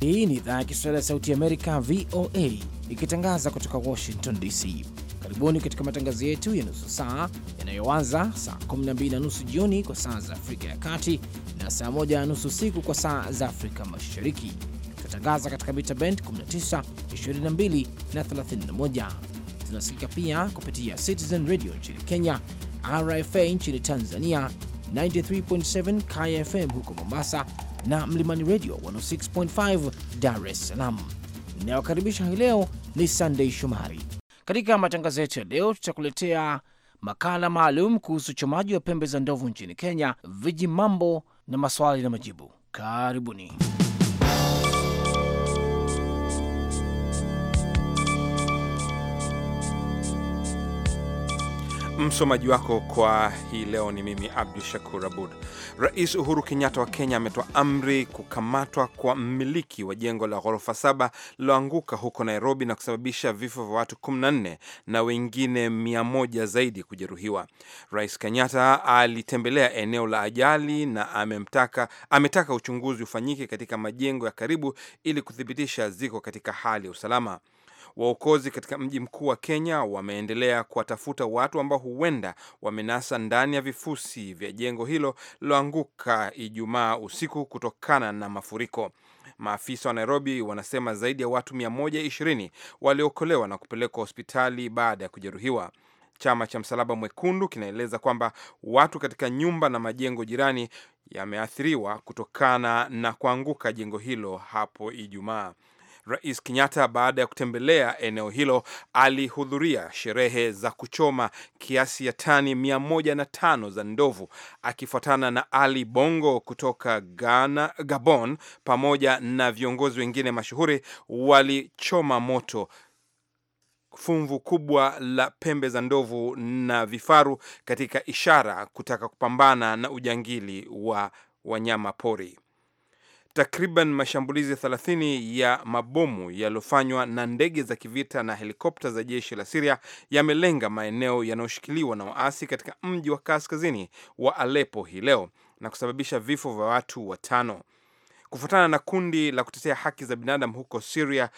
Hii ni idhaa ya Kiswahili ya Sauti Amerika, VOA, ikitangaza kutoka Washington DC. Karibuni katika matangazo yetu ya nusu saa yanayoanza saa 12 na nusu jioni kwa saa za Afrika ya Kati na saa 1 na nusu usiku kwa saa za Afrika Mashariki. Tunatangaza katika mita bend 19, 22 na 31 zinasikika pia kupitia Citizen Radio nchini Kenya, RFA nchini Tanzania, 93.7 KFM huko Mombasa na Mlimani Radio 106.5 Dar es Salaam. Inayokaribisha hii leo ni Sunday Shomari. Katika matangazo yetu ya leo, tutakuletea makala maalum kuhusu uchomaji wa pembe za ndovu nchini Kenya, viji mambo na maswali na majibu. Karibuni. Msomaji wako kwa hii leo ni mimi Abdu Shakur Abud. Rais Uhuru Kenyatta wa Kenya ametoa amri kukamatwa kwa mmiliki wa jengo la ghorofa saba liloanguka huko Nairobi na kusababisha vifo vya watu 14 na wengine 100 zaidi kujeruhiwa. Rais Kenyatta alitembelea eneo la ajali na amemtaka, ametaka uchunguzi ufanyike katika majengo ya karibu ili kuthibitisha ziko katika hali ya usalama. Waokozi katika mji mkuu wa Kenya wameendelea kuwatafuta watu ambao huenda wamenasa ndani ya vifusi vya jengo hilo liloanguka Ijumaa usiku kutokana na mafuriko. Maafisa wa Nairobi wanasema zaidi ya watu 120 waliokolewa na kupelekwa hospitali baada ya kujeruhiwa. Chama cha Msalaba Mwekundu kinaeleza kwamba watu katika nyumba na majengo jirani yameathiriwa kutokana na kuanguka jengo hilo hapo Ijumaa. Rais Kenyatta, baada ya kutembelea eneo hilo, alihudhuria sherehe za kuchoma kiasi ya tani mia moja na tano za ndovu, akifuatana na Ali Bongo kutoka Ghana, Gabon, pamoja na viongozi wengine mashuhuri walichoma moto fumvu kubwa la pembe za ndovu na vifaru katika ishara kutaka kupambana na ujangili wa wanyama pori. Takriban mashambulizi 30 ya mabomu yaliyofanywa na ndege za kivita na helikopta za jeshi la Siria yamelenga maeneo yanayoshikiliwa na waasi katika mji wa kaskazini wa Aleppo hii leo na kusababisha vifo vya watu watano. Kufuatana na kundi la kutetea haki za binadamu huko Siria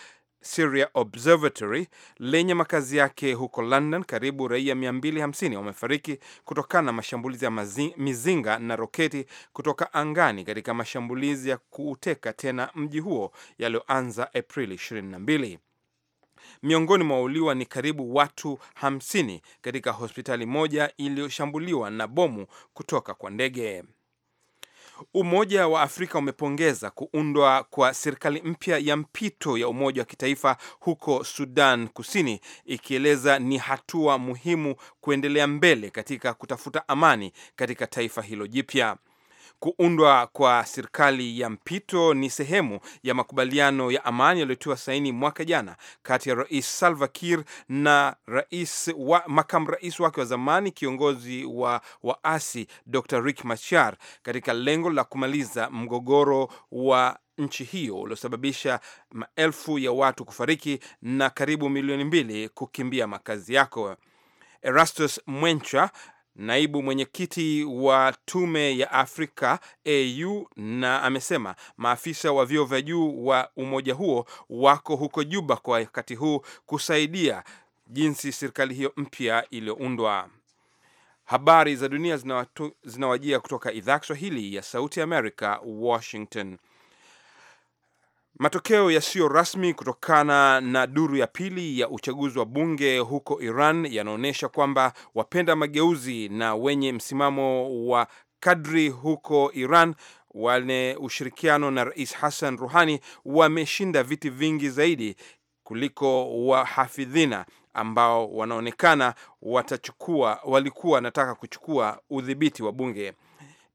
Syria Observatory lenye makazi yake huko London, karibu raia 250 wamefariki kutokana na mashambulizi ya mizinga na roketi kutoka angani katika mashambulizi ya kuuteka tena mji huo yaliyoanza Aprili 22. Miongoni mwa wauliwa ni karibu watu 50 katika hospitali moja iliyoshambuliwa na bomu kutoka kwa ndege. Umoja wa Afrika umepongeza kuundwa kwa serikali mpya ya mpito ya umoja wa kitaifa huko Sudan Kusini, ikieleza ni hatua muhimu kuendelea mbele katika kutafuta amani katika taifa hilo jipya. Kuundwa kwa serikali ya mpito ni sehemu ya makubaliano ya amani yaliyotiwa saini mwaka jana kati ya Rais Salva Kiir na rais wa, makamu rais wake wa zamani kiongozi wa waasi Dr. Riek Machar katika lengo la kumaliza mgogoro wa nchi hiyo uliosababisha maelfu ya watu kufariki na karibu milioni mbili kukimbia makazi yako. Erastus Mwencha naibu mwenyekiti wa tume ya Afrika AU na amesema maafisa wa vyeo vya juu wa umoja huo wako huko Juba kwa wakati huu kusaidia jinsi serikali hiyo mpya iliyoundwa. Habari za dunia zinawajia kutoka idhaa Kiswahili ya Sauti Amerika, Washington. Matokeo yasiyo rasmi kutokana na duru ya pili ya uchaguzi wa bunge huko Iran yanaonyesha kwamba wapenda mageuzi na wenye msimamo wa kadri huko Iran wane ushirikiano na Rais Hassan Ruhani wameshinda viti vingi zaidi kuliko wahafidhina ambao wanaonekana watachukua walikuwa wanataka kuchukua udhibiti wa bunge.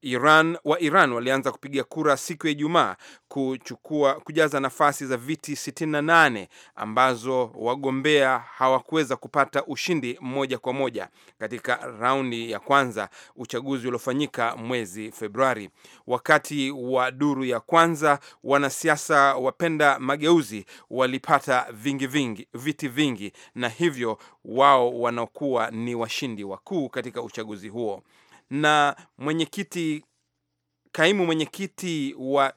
Iran wa Iran walianza kupiga kura siku ya Ijumaa kuchukua kujaza nafasi za viti 68 ambazo wagombea hawakuweza kupata ushindi moja kwa moja katika raundi ya kwanza uchaguzi uliofanyika mwezi Februari. Wakati wa duru ya kwanza, wanasiasa wapenda mageuzi walipata vingi vingi, viti vingi na hivyo wao wanaokuwa ni washindi wakuu katika uchaguzi huo na mwenyekiti, kaimu mwenyekiti wa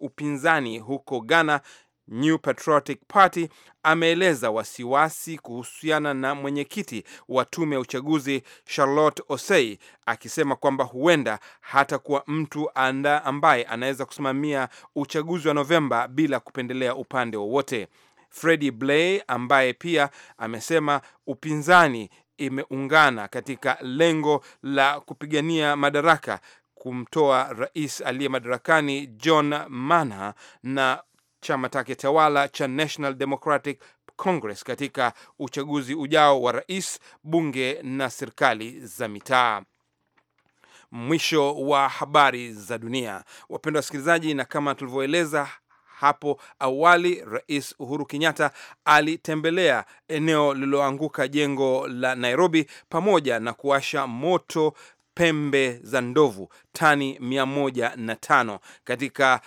upinzani huko Ghana New Patriotic Party ameeleza wasiwasi kuhusiana na mwenyekiti wa tume ya uchaguzi Charlotte Osei akisema kwamba huenda hatakuwa mtu anda ambaye anaweza kusimamia uchaguzi wa Novemba bila kupendelea upande wowote. Freddie Bly ambaye pia amesema upinzani imeungana katika lengo la kupigania madaraka kumtoa rais aliye madarakani John Manha na chama take tawala cha National Democratic Congress katika uchaguzi ujao wa rais, bunge na serikali za mitaa. Mwisho wa habari za dunia, wapendwa wasikilizaji, na kama tulivyoeleza hapo awali, Rais Uhuru Kenyatta alitembelea eneo lililoanguka jengo la Nairobi pamoja na kuwasha moto pembe za ndovu tani mia moja na tano katika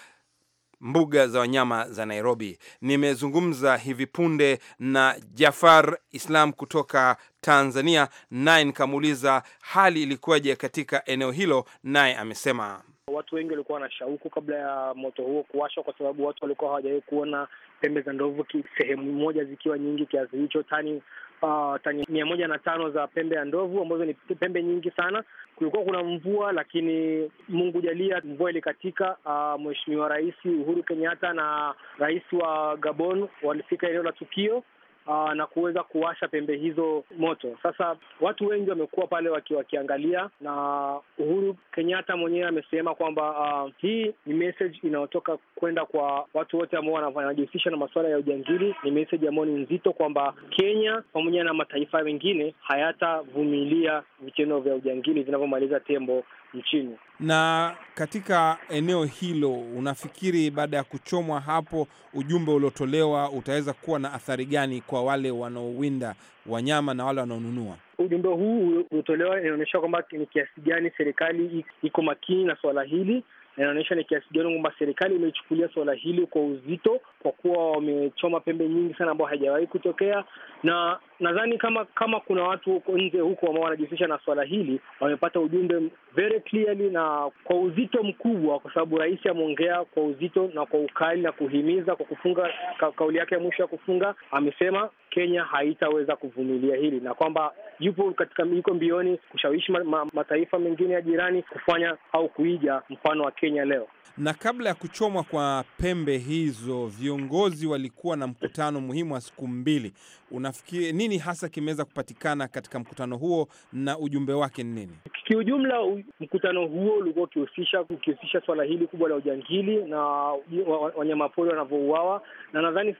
mbuga za wanyama za Nairobi. Nimezungumza hivi punde na Jafar Islam kutoka Tanzania, naye nikamuuliza hali ilikuwaje katika eneo hilo, naye amesema watu wengi walikuwa na shauku kabla ya moto huo kuwashwa, kwa sababu watu walikuwa hawajawahi kuona pembe za ndovu sehemu moja zikiwa nyingi kiasi hicho, tani uh, tani mia moja na tano za pembe ya ndovu ambazo ni pembe nyingi sana. Kulikuwa kuna mvua, lakini Mungu jalia, mvua ilikatika. Uh, Mheshimiwa Rais Uhuru Kenyatta na rais wa Gabon walifika eneo la tukio aa, ah, na kuweza kuwasha pembe hizo moto. Sasa watu wengi wamekuwa pale waki, wakiangalia na Uhuru Kenyatta mwenyewe amesema kwamba ah, hii ni message inayotoka kwenda kwa watu wote ambao wanajihusisha na masuala ya ujangili. Ni message ambayo ni nzito kwamba Kenya pamoja na mataifa mengine hayatavumilia vitendo vya ujangili vinavyomaliza tembo nchini. Na katika eneo hilo, unafikiri baada ya kuchomwa hapo, ujumbe uliotolewa utaweza kuwa na athari gani kwa wale wanaowinda wanyama na wale wanaonunua? Ujumbe huu uliotolewa inaonyesha kwamba ni kiasi gani serikali iko makini na suala hili na inaonyesha ni kiasi gani kwamba serikali imechukulia suala hili kwa uzito, kwa kuwa wamechoma pembe nyingi sana ambayo haijawahi kutokea, na nadhani kama kama kuna watu huko nje huko ambao wanajihusisha na suala hili wamepata ujumbe very clearly na kwa uzito mkubwa, kwa sababu rais ameongea kwa uzito na kwa ukali na kuhimiza kwa kufunga ka, kauli yake ya mwisho ya kufunga amesema Kenya haitaweza kuvumilia hili na kwamba yupo katika yuko mbioni kushawishi ma, ma, mataifa mengine ya jirani kufanya au kuija mfano wa Kenya leo. Na kabla ya kuchomwa kwa pembe hizo, viongozi walikuwa na mkutano muhimu wa siku mbili. Unafikiri nini hasa kimeweza kupatikana katika mkutano huo na ujumbe wake ni nini? Kiujumla, mkutano huo ulikuwa ukihusisha ukihusisha swala hili kubwa la ujangili na wanyamapori wanavyouawa, na nadhani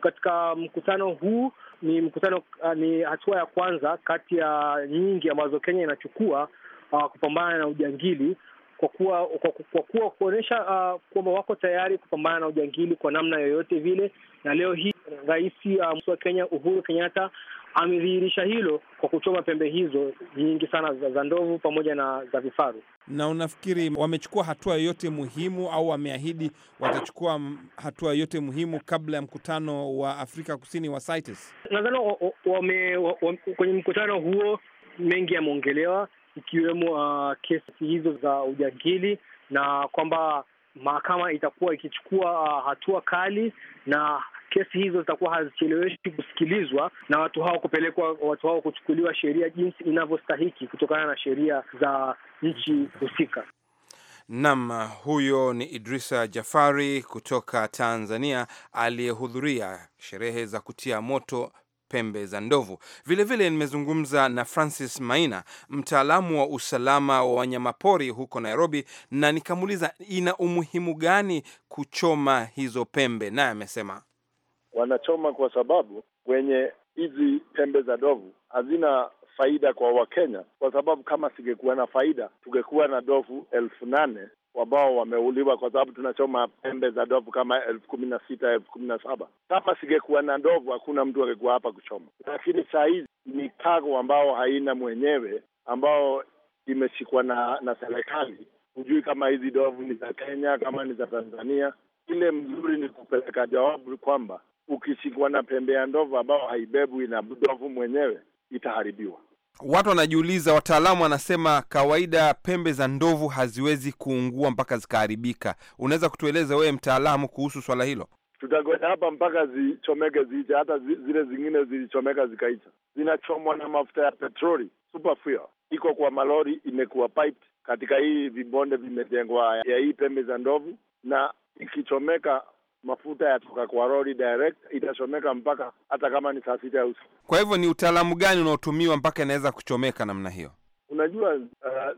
katika mkutano huu ni mkutano uh, ni hatua ya kwanza kati ya nyingi ambazo Kenya inachukua uh, kupambana na ujangili kwa kuwa kwa, kwa kuwa kuonyesha uh, kwamba wako tayari kupambana na ujangili kwa namna yoyote vile, na leo hii Rais uh, wa Kenya Uhuru Kenyatta amedhihirisha hilo kwa kuchoma pembe hizo nyingi sana za ndovu pamoja na za vifaru. Na unafikiri wamechukua hatua yoyote muhimu au wameahidi watachukua hatua yoyote muhimu kabla ya mkutano wa Afrika Kusini wa CITES? Nadhani kwenye mkutano huo mengi yameongelewa, ikiwemo uh, kesi hizo za ujangili na kwamba mahakama itakuwa ikichukua uh, hatua kali na kesi hizo zitakuwa hazicheleweshi kusikilizwa na watu hao kupelekwa, watu hao kuchukuliwa sheria jinsi inavyostahiki kutokana na sheria za nchi husika. Nam, huyo ni Idrisa Jafari kutoka Tanzania aliyehudhuria sherehe za kutia moto pembe za ndovu. Vilevile nimezungumza na Francis Maina, mtaalamu wa usalama wa wanyamapori huko Nairobi, na nikamuuliza ina umuhimu gani kuchoma hizo pembe, naye amesema wanachoma kwa sababu kwenye hizi pembe za dovu hazina faida kwa Wakenya, kwa sababu kama singekuwa na faida tungekuwa na dovu elfu nane ambao wameuliwa kwa sababu tunachoma pembe za dovu kama elfu kumi na sita elfu kumi na saba Kama singekuwa na ndovu, hakuna mtu angekuwa hapa kuchoma, lakini saa hizi ni kago ambao haina mwenyewe, ambao imeshikwa na na serikali. Hujui kama hizi dovu ni za Kenya, kama ni za Tanzania. Ile mzuri ni kupeleka jawabu kwamba ukishikwa na pembe ya ndovu ambayo haibebwi na ndovu mwenyewe itaharibiwa. Watu wanajiuliza, wataalamu wanasema kawaida pembe za ndovu haziwezi kuungua mpaka zikaharibika. Unaweza kutueleza wewe mtaalamu kuhusu swala hilo? Tutagoja hapa mpaka zichomeke ziicha. Hata zile zingine zilichomeka zikaicha, zinachomwa na mafuta ya petroli. Super fuel iko kwa malori, imekuwa piped katika hii vibonde vimejengwa ya hii pembe za ndovu, na ikichomeka mafuta yatoka kwa lori direct, itachomeka mpaka hata kama ni saa sita usiku. Kwa hivyo ni utaalamu gani unaotumiwa mpaka inaweza kuchomeka namna hiyo? Unajua uh,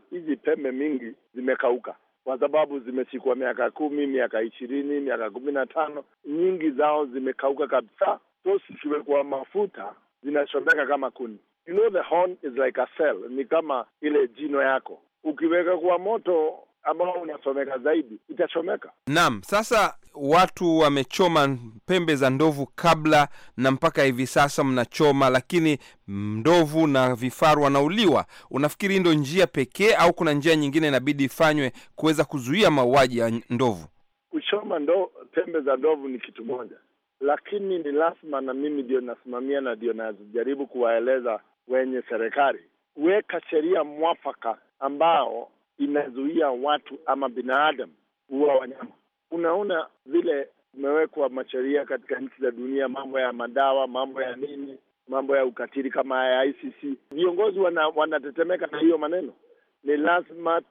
hizi uh, pembe mingi zimekauka kwa sababu zimeshikwa miaka kumi, miaka ishirini, miaka kumi na tano. Nyingi zao zimekauka kabisa, so kwa mafuta zinachomeka kama kuni. You know the horn is like a cell, ni kama ile jino yako ukiweka kwa moto ambao unasomeka zaidi itachomeka. Naam, sasa watu wamechoma pembe za ndovu kabla na mpaka hivi sasa mnachoma, lakini ndovu na vifaru wanauliwa. Unafikiri ndo njia pekee au kuna njia nyingine inabidi ifanywe kuweza kuzuia mauaji ya ndovu? Kuchoma ndo, pembe za ndovu ni kitu moja, lakini ni lazima, na mimi ndio nasimamia na ndio najaribu kuwaeleza wenye serikali, weka sheria mwafaka ambao inazuia watu ama binadamu kuua wanyama. Unaona vile umewekwa masheria katika nchi za dunia, mambo ya madawa, mambo ya nini, mambo ya ukatili kama ya ICC. Viongozi wana, wanatetemeka na hiyo maneno. Ni lazima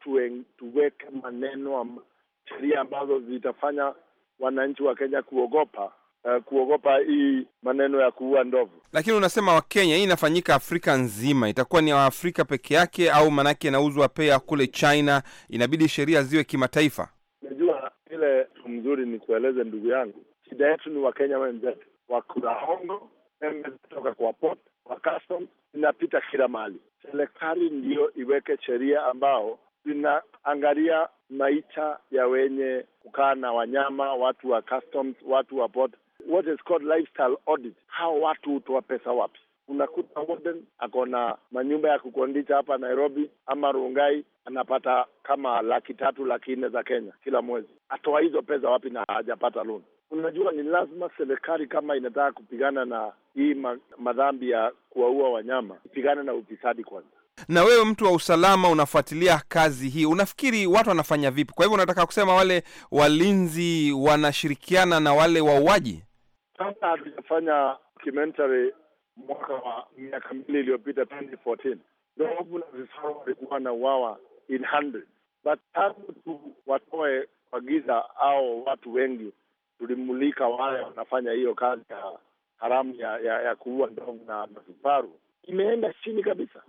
tuweke maneno ama sheria ambazo zitafanya wananchi wa Kenya kuogopa uh, kuogopa hii maneno ya kuua ndovu. Lakini unasema Wakenya, hii inafanyika Afrika nzima, itakuwa ni Waafrika peke yake au manake inauzwa pea kule China? Inabidi sheria ziwe kimataifa. Najua ile mzuri ni kueleze ndugu yangu, shida yetu ni Wakenya wenzetu, wakula hongo kutoka kwa port wa custom inapita kila mahali. Serikali ndiyo iweke sheria ambao zinaangalia maisha ya wenye kukaa na wanyama, watu wa customs, watu wa port what is called lifestyle audit. Hao watu hutoa pesa wapi? Unakuta Warden ako na manyumba ya kukondisha hapa Nairobi ama Rungai, anapata kama laki tatu laki nne za Kenya kila mwezi. Atoa hizo pesa wapi na hajapata loan? Unajua, ni lazima serikali kama inataka kupigana na hii madhambi ya kuwaua wanyama ipigane na ufisadi kwanza. Na wewe mtu wa usalama, unafuatilia kazi hii, unafikiri watu wanafanya vipi? Kwa hivyo unataka kusema wale walinzi wanashirikiana na wale wauaji? Kabla hatujafanya documentary mwaka wa miaka mbili iliyopita 2014, ndovu na vifaru walikuwa na wawa in hundred. but tangu tu watoe kwa giza au watu wengi, tulimulika wale wanafanya hiyo kazi ya haramu ya, ya, ya kuua ndovu na vifaru, imeenda chini kabisa.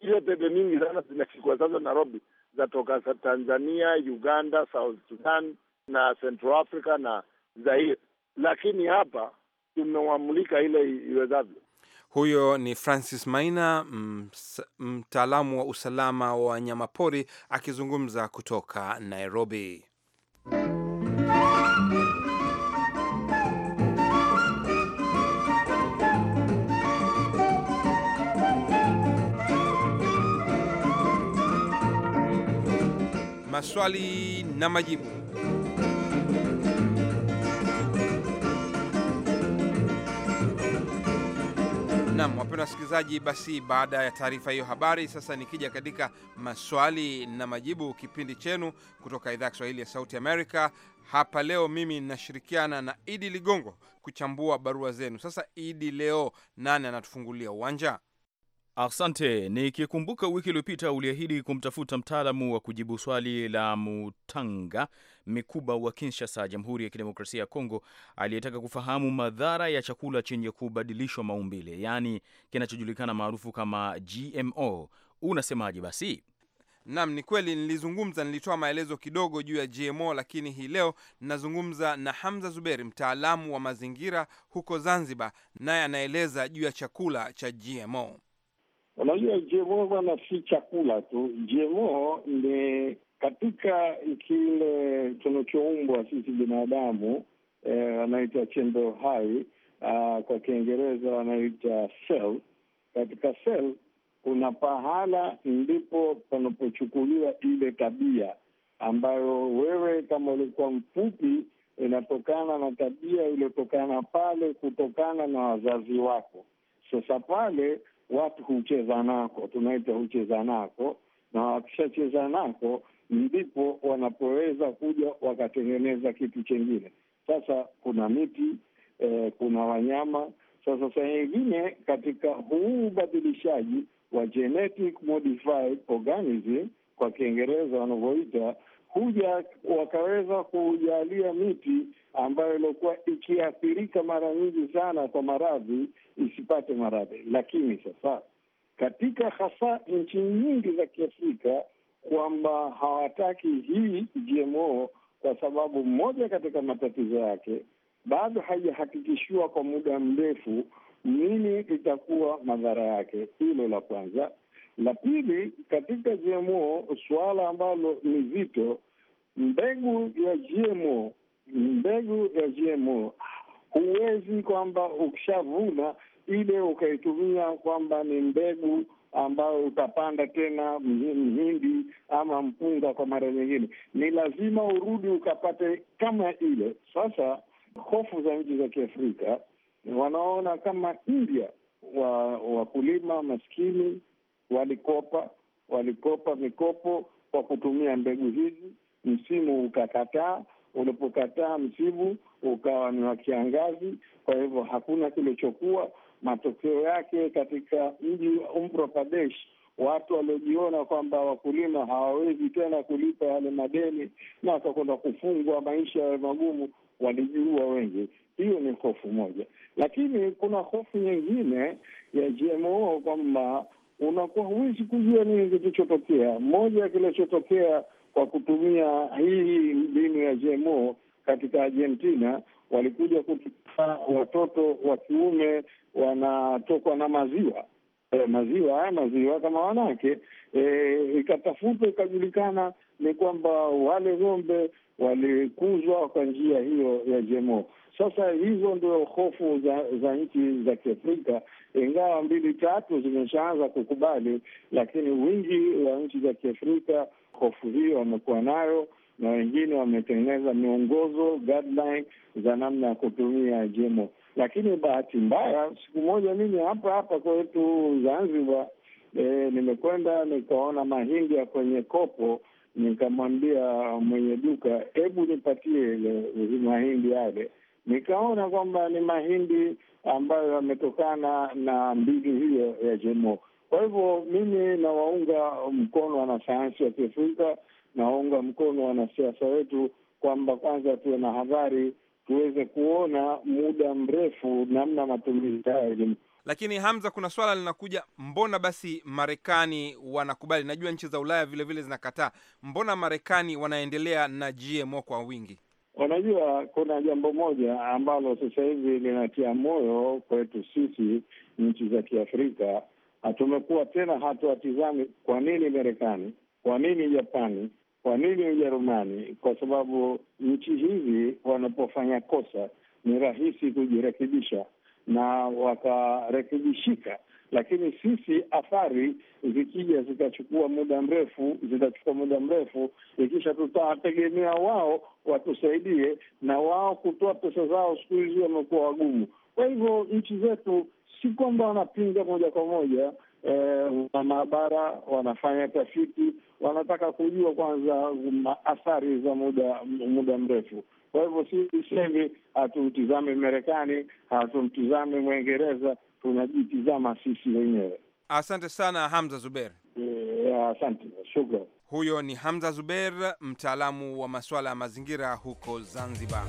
Ile pepe mingi sana zimeshikwa sasa Nairobi, zatoka Tanzania, Uganda, South Sudan na Central Africa na Zaire lakini hapa tumewamulika ile iwezavyo. Huyo ni Francis Maina, mtaalamu wa usalama wa wanyamapori akizungumza kutoka Nairobi. Maswali na majibu. Nam, wapenda wasikilizaji, basi baada ya taarifa hiyo habari, sasa nikija katika maswali na majibu, kipindi chenu kutoka idhaa ya Kiswahili ya Sauti Amerika. Hapa leo mimi nashirikiana na Idi Ligongo kuchambua barua zenu. Sasa Idi, leo nani anatufungulia uwanja? Asante. Nikikumbuka wiki iliyopita uliahidi kumtafuta mtaalamu wa kujibu swali la Mutanga Mikuba wa Kinshasa, Jamhuri ya Kidemokrasia ya Kongo, aliyetaka kufahamu madhara ya chakula chenye kubadilishwa maumbile, yaani kinachojulikana maarufu kama GMO. Unasemaje basi? Nam, ni kweli nilizungumza, nilitoa maelezo kidogo juu ya GMO, lakini hii leo ninazungumza na Hamza Zuberi, mtaalamu wa mazingira huko Zanzibar, naye anaeleza juu ya chakula cha GMO. Unajua, GMO bwana, si chakula tu. GMO ni katika kile tunachoumbwa sisi binadamu, wanaita eh, chembe hai ah, kwa Kiingereza wanaita cell. Katika cell kuna pahala ndipo panapochukuliwa ile tabia ambayo wewe kama ulikuwa mfupi inatokana na tabia iliyotokana pale kutokana na wazazi wako. Sasa pale watu hucheza nako, tunaita hucheza nako, na wakishacheza nako ndipo wanapoweza kuja wakatengeneza kitu chengine. Sasa kuna miti eh, kuna wanyama. Sasa saa nyingine katika huu ubadilishaji wa genetic modified organism kwa Kiingereza wanavyoita kuja wakaweza kujalia miti ambayo iliokuwa ikiathirika mara nyingi sana kwa maradhi isipate maradhi. Lakini sasa katika hasa nchi nyingi za Kiafrika kwamba hawataki hii GMO kwa sababu moja katika matatizo yake bado haijahakikishiwa kwa muda mrefu nini itakuwa madhara yake. Hilo la kwanza. La pili, katika GMO suala ambalo ni zito mbegu ya GMO, mbegu ya GMO huwezi kwamba ukishavuna ile ukaitumia kwamba ni mbegu ambayo utapanda tena mhindi ama mpunga kwa mara nyingine, ni lazima urudi ukapate kama ile. Sasa hofu za nchi za Kiafrika wanaona kama India, wakulima maskini walikopa walikopa mikopo kwa kutumia mbegu hizi msimu ukakataa. Ulipokataa msimu ukawa ni wa kiangazi, kwa hivyo hakuna kilichokuwa. Matokeo yake katika mji wa Ummu Pradesh, watu waliojiona kwamba wakulima hawawezi tena kulipa yale madeni na wakakwenda kufungwa maisha yawe magumu, walijiua wengi. Hiyo ni hofu moja, lakini kuna hofu nyingine ya GMO kwamba unakuwa huwezi kujua nini kilichotokea. Moja ya kilichotokea kwa kutumia hii mbinu ya GMO katika Argentina walikuja kutupa watoto wa kiume wanatokwa na maziwa e, maziwa haya maziwa kama wanawake eh, ikatafutwa, ikajulikana ni kwamba wale ng'ombe walikuzwa kwa njia hiyo ya GMO. Sasa hizo ndio hofu za, za nchi za Kiafrika, ingawa mbili tatu zimeshaanza kukubali, lakini wingi wa nchi za Kiafrika hofu hiyo wamekuwa nayo, na wengine wametengeneza miongozo guideline za namna ya kutumia GMO. Lakini bahati mbaya, siku moja mimi hapa hapa kwetu Zanzibar e, nimekwenda nikaona mahindi ya kwenye kopo, nikamwambia mwenye duka, hebu nipatie ile mahindi yale. Nikaona kwamba ni mahindi ambayo yametokana na mbili hiyo ya GMO. Kwa hivyo mimi nawaunga mkono wanasayansi wa Kiafrika, nawaunga mkono wanasiasa wetu kwamba kwanza tuwe na habari, tuweze kuona muda mrefu namna matumizi haya elimu lakini Hamza, kuna swala linakuja, mbona basi Marekani wanakubali? Najua nchi za Ulaya vile vile zinakataa, mbona Marekani wanaendelea na GMO kwa wingi? Unajua, kuna jambo moja ambalo sasa hivi linatia moyo kwetu sisi nchi za Kiafrika Ah, tumekuwa tena hatuwatizami kwa nini Marekani, kwa nini Japani, kwa nini Ujerumani, kwa sababu nchi hizi wanapofanya kosa ni rahisi kujirekebisha na wakarekebishika, lakini sisi athari zikija zikachukua muda mrefu, zitachukua muda mrefu, ikisha tutawategemea wao watusaidie, na wao kutoa pesa zao siku hizi wamekuwa wagumu. Kwa hivyo nchi zetu si kwamba wanapinga moja kwa moja na eh, maabara wanafanya tafiti, wanataka kujua kwanza athari za muda muda mrefu. Kwa hivyo sisi semi hatumtizame Marekani, hatumtizame Mwingereza, tunajitizama sisi wenyewe. Asante sana Hamza Zuber. E, asante shukran. Huyo ni Hamza Zuber, mtaalamu wa masuala ya mazingira huko Zanzibar.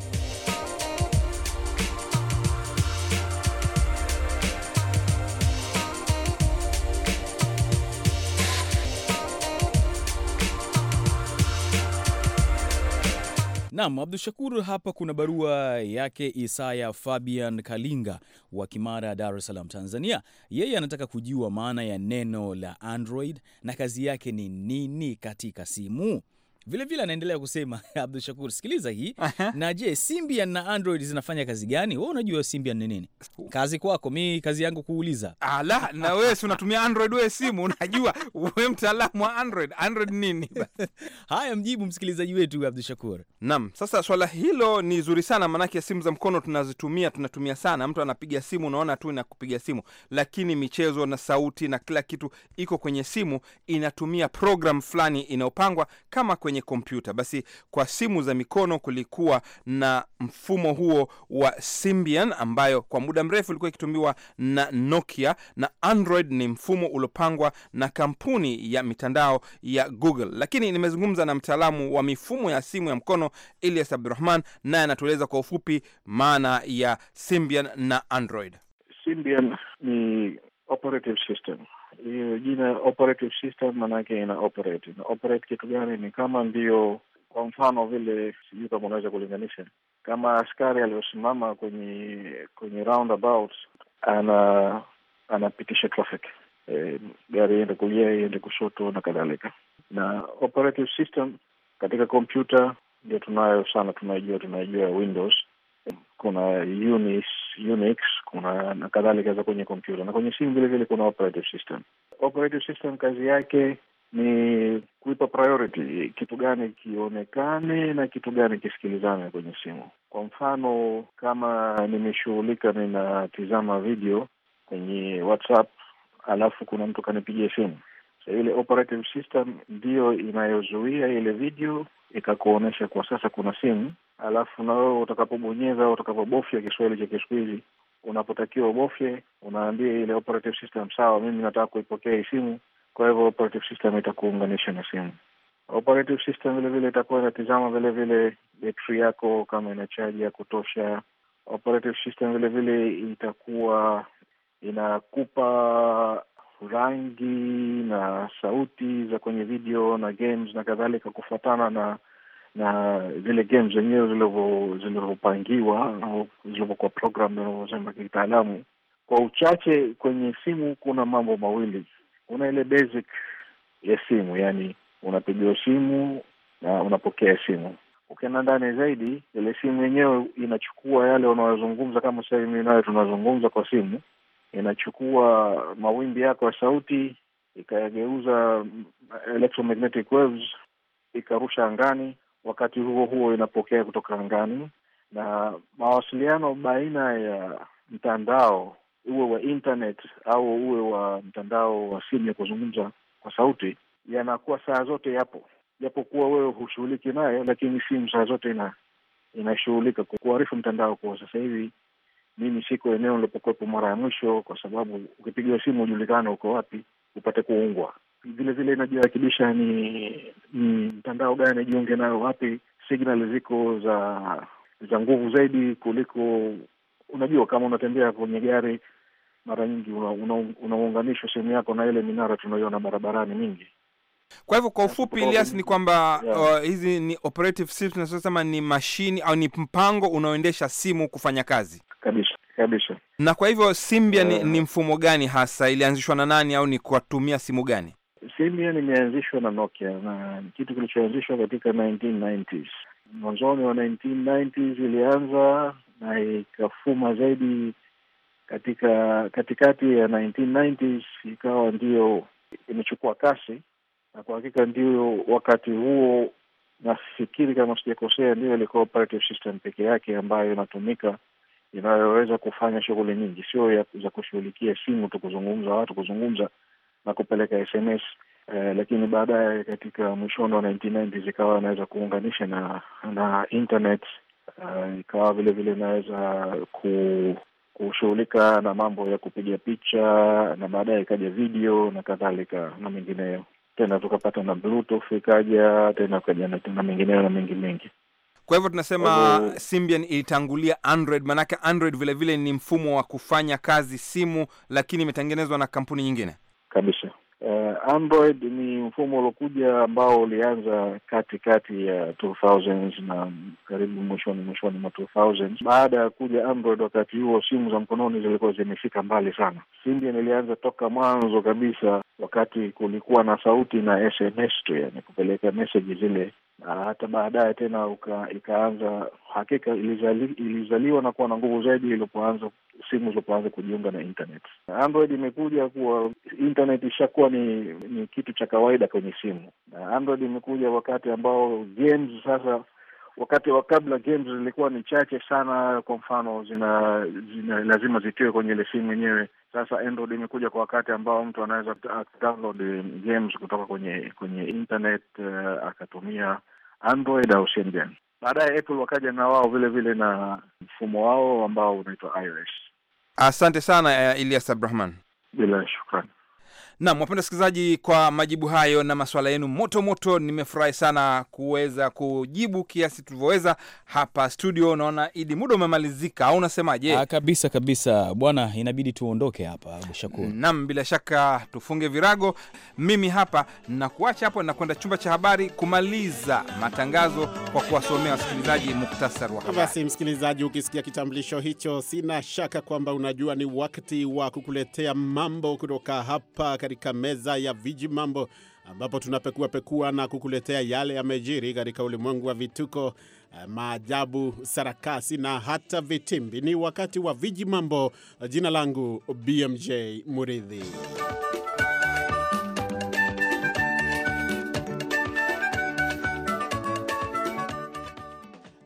Naam, Abdu Shakur, hapa kuna barua yake Isaya Fabian Kalinga wa Kimara, Dar es Salaam, Tanzania. Yeye anataka kujua maana ya neno la Android na kazi yake ni nini katika simu vile vile anaendelea kusema Abdul Shakur, sikiliza hii na je, Symbian na Android zinafanya kazi gani? Wewe unajua Symbian ni nini? Kazi kwako, mi kazi yangu kuuliza. Ala, na wewe si unatumia Android wewe simu, unajua wewe mtaalamu wa Android. Android nini? Haya, mjibu msikilizaji wetu Abdul Shakur. Naam, sasa swala hilo ni zuri sana maanake simu za mkono tunazitumia, tunatumia sana. Mtu anapiga simu, unaona tu inakupiga simu, lakini michezo na sauti na kila kitu iko kwenye simu, inatumia program fulani inayopangwa kama kwenye kwenye kompyuta. Basi kwa simu za mikono kulikuwa na mfumo huo wa Symbian ambayo kwa muda mrefu ilikuwa ikitumiwa na Nokia, na Android ni mfumo uliopangwa na kampuni ya mitandao ya Google. Lakini nimezungumza na mtaalamu wa mifumo ya simu ya mkono Elias Abdurahman, naye anatueleza kwa ufupi maana ya Symbian na Android. Symbian ni operative system hiyo jina operative system maanake ina operate na operate kitu gani? Ni kama ndio, kwa mfano vile, sijui kama unaweza kulinganisha, kama askari aliyosimama kwenye kwenye roundabout ana anapitisha traffic e, gari iende kulia iende kushoto na kadhalika. Na operative system katika kompyuta ndio tunayo sana, tunaijua tunaijua Windows kuna Unix, Unix kuna na kadhalika za kwenye kompyuta na kwenye simu vilevile kuna operative system. Operative system kazi yake ni kuipa priority kitu gani kionekane na kitu gani kisikilizane kwenye simu. Kwa mfano, kama nimeshughulika, ninatizama video kwenye WhatsApp alafu kuna mtu kanipigia simu, so ile operative system ndiyo inayozuia ile video ikakuonyesha kwa sasa kuna simu alafu na wewe utakapobonyeza utakapobofya Kiswahili cha kiswahili unapotakiwa ubofye, unaambia ile operative system, sawa, mimi nataka kuipokea hii simu. Kwa hivyo operative system itakuunganisha na simu. Operative system vile itakuwa inatizama vilevile betri yako kama ina chaji ya kutosha. Operative system vilevile itakuwa inakupa rangi na sauti za kwenye video na games na kadhalika, kufuatana na na zile game zenyewe zilivyopangiwa au zilivyokuwa programu inavyosema kitaalamu. Kwa uchache kwenye simu kuna mambo mawili, kuna ile basic ya simu, yani unapigiwa simu na unapokea simu. Ukienda ndani zaidi, ile simu yenyewe inachukua yale unaozungumza kama sasa nayo tunazungumza kwa simu, inachukua mawimbi yako ya sauti ikayageuza electromagnetic waves ikarusha angani wakati huo huo inapokea kutoka angani, na mawasiliano baina ya mtandao uwe wa internet au uwe wa mtandao wa simu ya kuzungumza kwa sauti yanakuwa saa zote yapo, japokuwa wewe hushughuliki nayo, lakini simu saa zote ina inashughulika kuarifu mtandao kuwa sasa hivi mimi siko eneo nilipokuwepo mara ya mwisho, kwa sababu ukipigiwa simu ujulikane uko wapi, upate kuungwa vilevile inajiwakilisha ni mtandao gani jiunge nayo, wapi signal ziko za za nguvu zaidi kuliko. Unajua, kama unatembea kwenye gari mara nyingi unaunganisha sehemu yako na ile minara tunaiona barabarani mingi. Kwa hivyo kwa ufupi, Elias, ni kwamba yeah. Uh, hizi ni operative ni mashini au ni mpango unaoendesha simu kufanya kazi kabisa kabisa. Na kwa hivyo simbia uh, Ni, ni mfumo gani hasa, ilianzishwa na nani au ni kuwatumia simu gani? Simu hiyo imeanzishwa na Nokia na kitu kilichoanzishwa katika 1990s. Mwanzoni wa 1990s ilianza na ikafuma zaidi katika katikati ya 1990s, ikawa ndio imechukua kasi, na kwa hakika ndio wakati huo, nafikiri kama sijakosea, ndio ilikuwa operative system peke yake ambayo inatumika inayoweza kufanya shughuli nyingi, sio za kushughulikia simu tu, kuzungumza watu, kuzungumza na kupeleka SMS eh, lakini baadaye katika mwishoni wa 99 zikawa naweza kuunganisha na na internet eh, ikawa vilevile inaweza ku kushughulika na mambo ya kupiga picha na baadaye ikaja video na kadhalika na mengineyo. Tena tukapata na Bluetooth ikaja tena ukaja na mengineyo na mengi mengi. Kwa hivyo tunasema Hello. Symbian ilitangulia Android, maanake Android vile vile ni mfumo wa kufanya kazi simu, lakini imetengenezwa na kampuni nyingine kabisa. Uh, Android ni mfumo uliokuja ambao ulianza katikati ya 2000 na karibu mwishoni mwishoni mwa 2000 Baada ya kuja Android, wakati huo simu za mkononi zilikuwa zimefika mbali sana. Symbian ilianza toka mwanzo kabisa, wakati kulikuwa na sauti na SMS tu, yani kupeleka meseji zile na hata baadaye tena uka, ikaanza hakika ilizali, ilizaliwa na kuwa na nguvu zaidi ilipoanza simu zilipoanza kujiunga na internet. Android imekuja kuwa internet ishakuwa ni, ni kitu cha kawaida kwenye simu. Android imekuja wakati ambao games sasa wakati wa kabla games zilikuwa ni chache sana, kwa mfano zina, zina lazima zitiwe kwenye ile simu yenyewe. Sasa Android imekuja kwa wakati ambao mtu anaweza download games kutoka kwenye kwenye internet uh, akatumia Android au Symbian. Baadaye Apple wakaja na wao vile vile na mfumo wao ambao unaitwa iOS. Asante sana eh, elias Abrahman. Bila shukrani. Nam, wapenda wasikilizaji, kwa majibu hayo na maswala yenu moto moto, nimefurahi sana kuweza kujibu kiasi tulivyoweza hapa studio. unaona Idi, muda umemalizika, au unasemaje? Ah, kabisa kabisa bwana, inabidi tuondoke hapa Abdushakur. Nam, bila shaka tufunge virago. Mimi hapa nakuacha hapo, nakwenda chumba cha habari kumaliza matangazo kwa kuwasomea wasikilizaji muktasari wa habari. Basi msikilizaji, ukisikia kitambulisho hicho, sina shaka kwamba unajua ni wakati wa kukuletea mambo kutoka hapa katika meza ya viji mambo ambapo tunapekua pekua na kukuletea yale yamejiri katika ulimwengu wa vituko, maajabu, sarakasi na hata vitimbi. Ni wakati wa viji mambo. Jina langu BMJ Muridhi.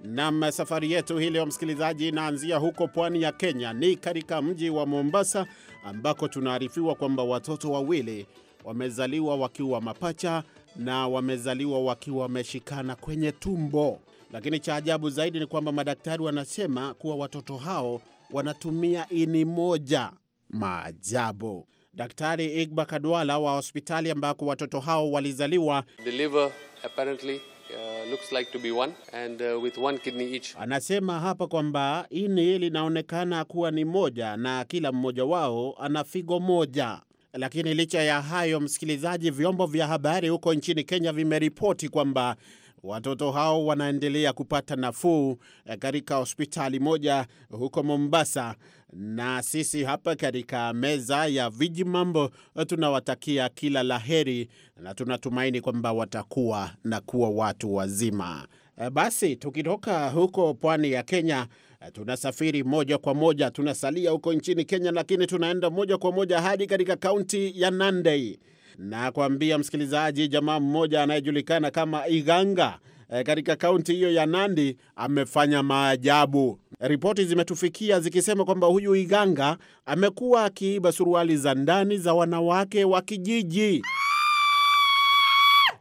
Nam, safari yetu hii leo msikilizaji, inaanzia huko pwani ya Kenya, ni katika mji wa Mombasa ambako tunaarifiwa kwamba watoto wawili wamezaliwa wakiwa mapacha na wamezaliwa wakiwa wameshikana kwenye tumbo. Lakini cha ajabu zaidi ni kwamba madaktari wanasema kuwa watoto hao wanatumia ini moja. Maajabu! Daktari Igba Kadwala wa hospitali ambako watoto hao walizaliwa The liver, apparently Uh, looks like to be one and uh, with one kidney each. Anasema hapa kwamba ini linaonekana kuwa ni moja na kila mmoja wao ana figo moja. Lakini licha ya hayo, msikilizaji, vyombo vya habari huko nchini Kenya vimeripoti kwamba watoto hao wanaendelea kupata nafuu eh, katika hospitali moja huko Mombasa na sisi hapa katika meza ya viji mambo eh, tunawatakia kila laheri na tunatumaini kwamba watakuwa na kuwa watu wazima. Eh, basi tukitoka huko pwani ya Kenya eh, tunasafiri moja kwa moja, tunasalia huko nchini Kenya, lakini tunaenda moja kwa moja hadi katika kaunti ya Nandi na kuambia msikilizaji, jamaa mmoja anayejulikana kama Iganga e, katika kaunti hiyo ya Nandi amefanya maajabu. Ripoti zimetufikia zikisema kwamba huyu Iganga amekuwa akiiba suruali za ndani za wanawake wa kijiji.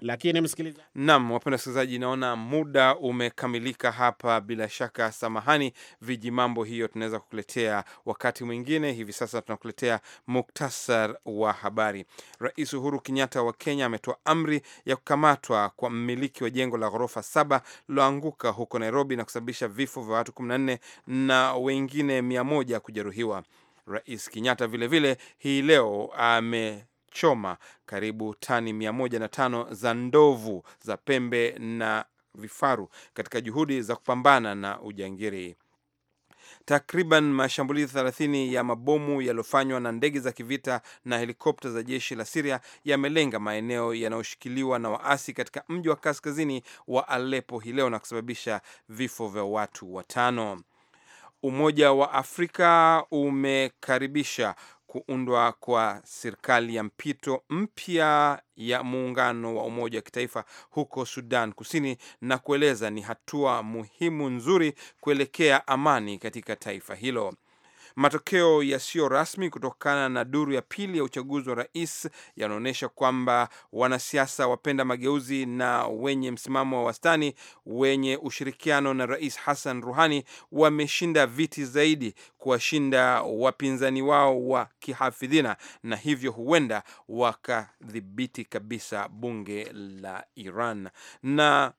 Lakini msikilizaji, naam, wapenda wasikilizaji, naona muda umekamilika hapa. Bila shaka, samahani viji mambo, hiyo tunaweza kukuletea wakati mwingine. Hivi sasa tunakuletea muktasar wa habari. Rais Uhuru Kenyatta wa Kenya ametoa amri ya kukamatwa kwa mmiliki wa jengo la ghorofa saba liloanguka huko Nairobi na kusababisha vifo vya watu 14 na wengine 100 kujeruhiwa. Rais Kenyatta vilevile hii leo ame choma karibu tani 105 za ndovu za pembe na vifaru katika juhudi za kupambana na ujangiri. Takriban mashambulizi thelathini ya mabomu yaliyofanywa na ndege za kivita na helikopta za jeshi la Siria yamelenga maeneo yanayoshikiliwa na waasi katika mji wa kaskazini wa Alepo hii leo na kusababisha vifo vya watu watano. Umoja wa Afrika umekaribisha kuundwa kwa serikali ya mpito mpya ya muungano wa umoja wa kitaifa huko Sudan Kusini na kueleza ni hatua muhimu nzuri kuelekea amani katika taifa hilo. Matokeo yasiyo rasmi kutokana na duru ya pili ya uchaguzi wa rais yanaonyesha kwamba wanasiasa wapenda mageuzi na wenye msimamo wa wastani wenye ushirikiano na Rais Hassan Ruhani wameshinda viti zaidi kuwashinda wapinzani wao wa kihafidhina, na hivyo huenda wakadhibiti kabisa bunge la Iran. Na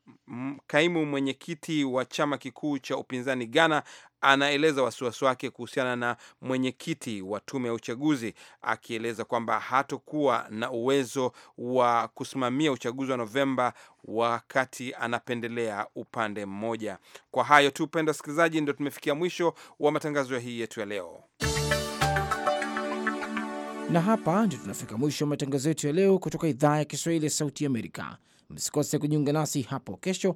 kaimu mwenyekiti wa chama kikuu cha upinzani Ghana anaeleza wasiwasi wake kuhusiana na mwenyekiti wa tume ya uchaguzi, akieleza kwamba hatokuwa na uwezo wa kusimamia uchaguzi wa Novemba wakati anapendelea upande mmoja. Kwa hayo tu, upenda wasikilizaji, ndio tumefikia mwisho wa matangazo hii yetu ya leo, na hapa ndio tunafika mwisho wa matangazo yetu ya leo kutoka idhaa ya Kiswahili ya Sauti Amerika. Msikose kujiunga nasi hapo kesho